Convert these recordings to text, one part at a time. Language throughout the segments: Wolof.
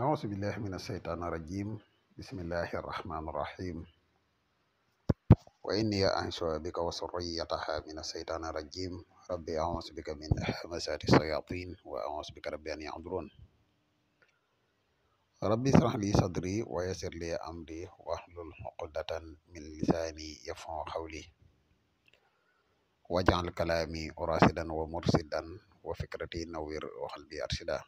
أعوذ بالله من الشيطان الرجيم بسم الله الرحمن الرحيم وإني أنشأ بك وسريتها من الشيطان الرجيم ربي أعوذ بك من همزات الشياطين وأعوذ بك ربي أن يعذرون ربي اشرح لي صدري ويسر لي أمري واحلل عقدة من لساني يفهم قولي واجعل كلامي راشدا ومرشدا وفكرتي نوير وقلبي أرشدا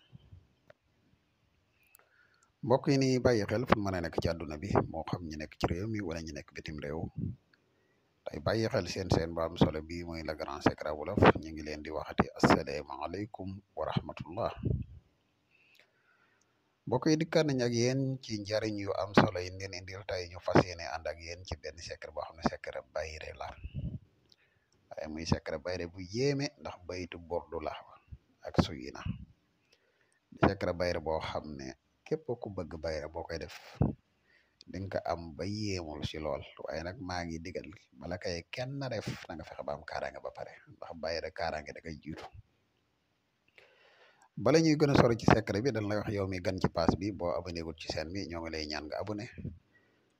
mbokk yi nii bàyyi xel fu mën a nekk ci àdduna bi moo xam ñi nekk ci réew mi wala ñi nekk bitim réew tey bàyyi xel seen seen ba am solo bii mooy le grand secret wolof ñu ngi leen di waxati asalaamaaleykum wa rahmatullah mbokk yi dikkaat nañ ak yéen ci njariñ yu am solo yi ngeen indil tey ñu fas yéene ànd ak yéen ci benn secret boo xam ne secret bayre la waaye muy secret bayre bu yéeme ndax baytu bordu la ak suyina secret bayre boo xam ne képp ku bëgg bayra boo koy def di nga am ba yéemul ci lool waaye nag maa ngi digal bala kay kenn def na nga fexe ba am kaaraange ba pare ndax bayra kaaraange da koy jiitu bala ñuy gën a sori ci secret bi dañ lay wax yow mi gën ci pass bi boo abonné gul ci seen bi ñoo ngi lay ñaan nga abonné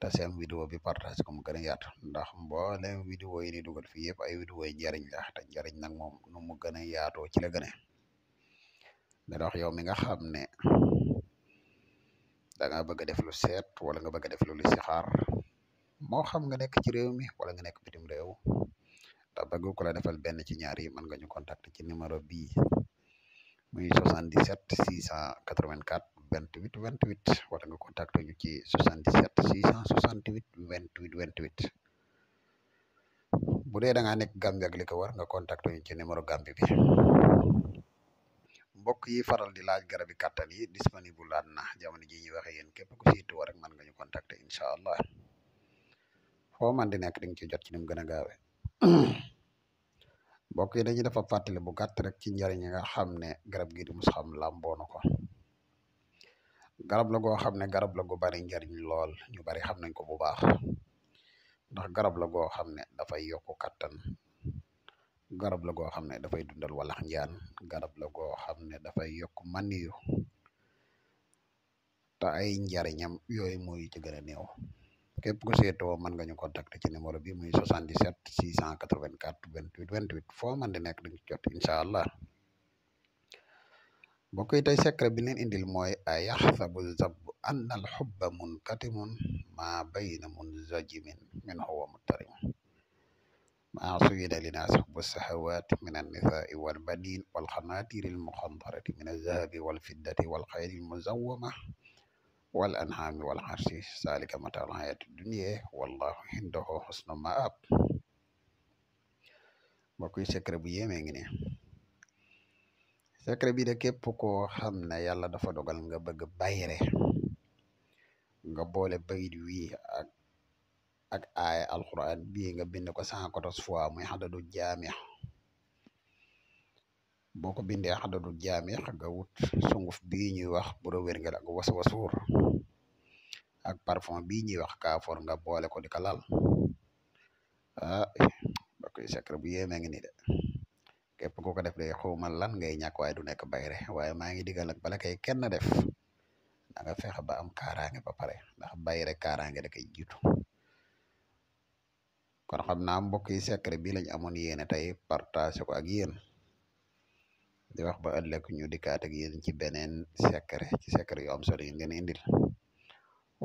te seen vidéo bi partage ko mu gën a yàtt ndax leen vidéo yi ni dugal fii yëpp ay vidéo yi njariñ la te njariñ nag moom nu mu gën a yaatoo ci la gën a da wax yow mi nga xam ne da nga bëgg def lu sét wala nga bëgg def lu xaar mo xam nga nek ci réew mi wala nga nek bitim réew da bëgg ko la defal ben ci ñaar yi man nga ñu contact ci numéro bi muy 77 684 28 28 wala nga contact ñu ci 77 668 28 28. bu dee da nga nekk Gambie ak li ko war nga contact ñu ci numéro Gambie bi mbokk yi faral di laaj garabi kàttan yi disponible laat na jamono ji ñu waxe yéen képp ku siitu rek man nga ñu contacter incha allah foo man di nekk di nga ci jot ci nim gën a gaawe mbokk yi dañu dafa fàttali bu gàtt rek ci njariñ yi nga xam ne garab gi di musxam làmboo na ko garab la goo xam ne garab la gu bari njariñ lool ñu bari xam nañ ko bu baax ndax garab la goo xam ne dafay yokku kattan garab la goo xam ne dafay dundal walax njaan garab la goo xam ne dafa yokk maniyu te ay njariñam yooyu mooy ci gën a néew képp ku seetoo mën nga ñu contacter ci numéro bi muy 77 684 28 28 foo man di nekk di jot incha allah mbokk yi tey secret bi leen indil mooy ayaxsabu zab anna al xubba munkatimun ma bayna munzajimin min huwa muttarim أعصيل لناس حب السحوات من النساء والبنين والقناطير المخنطرة من الذهب والفدة والخيل المزومة والأنعام والحرث ذلك متى الحياة الدنيا والله عنده حسن ما أب yi secret بي yéemee ngi بي دكي بكو خمنا يالا koo xam ne بايري dafa dogal nga bëgg bayre nga boole ak ak aay alquran bi nga bind ko cent quatorze fois muy xadadu jaamix boko ko bindee xadadu jaamix nga wut sunguf bi ñuy wax bu la wér nga ak wasur ak parfum bi ñuy wax kafor nga boole ko dika lal ah ba koy bu yéme ngi ni dé képp ko ko def de xawma lan ngay ñak way du nek bayré waye ma ngi digal ak bala kay kenn def da nga fexe ba am karangé ba paré ndax bayré karangé da kay jitu kon xam naa mbokk yi secret bi lañ amoon yéene tey partage ko ak yéen di wax ba ëllëg ñu dikkaat ak yéen ci beneen secret ci secret yu am solo yi ngeen indil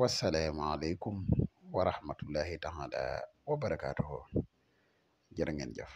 wasalaamaaleykum wa rahmatullahi taala wa barakaatuhu jërë ngeen jëf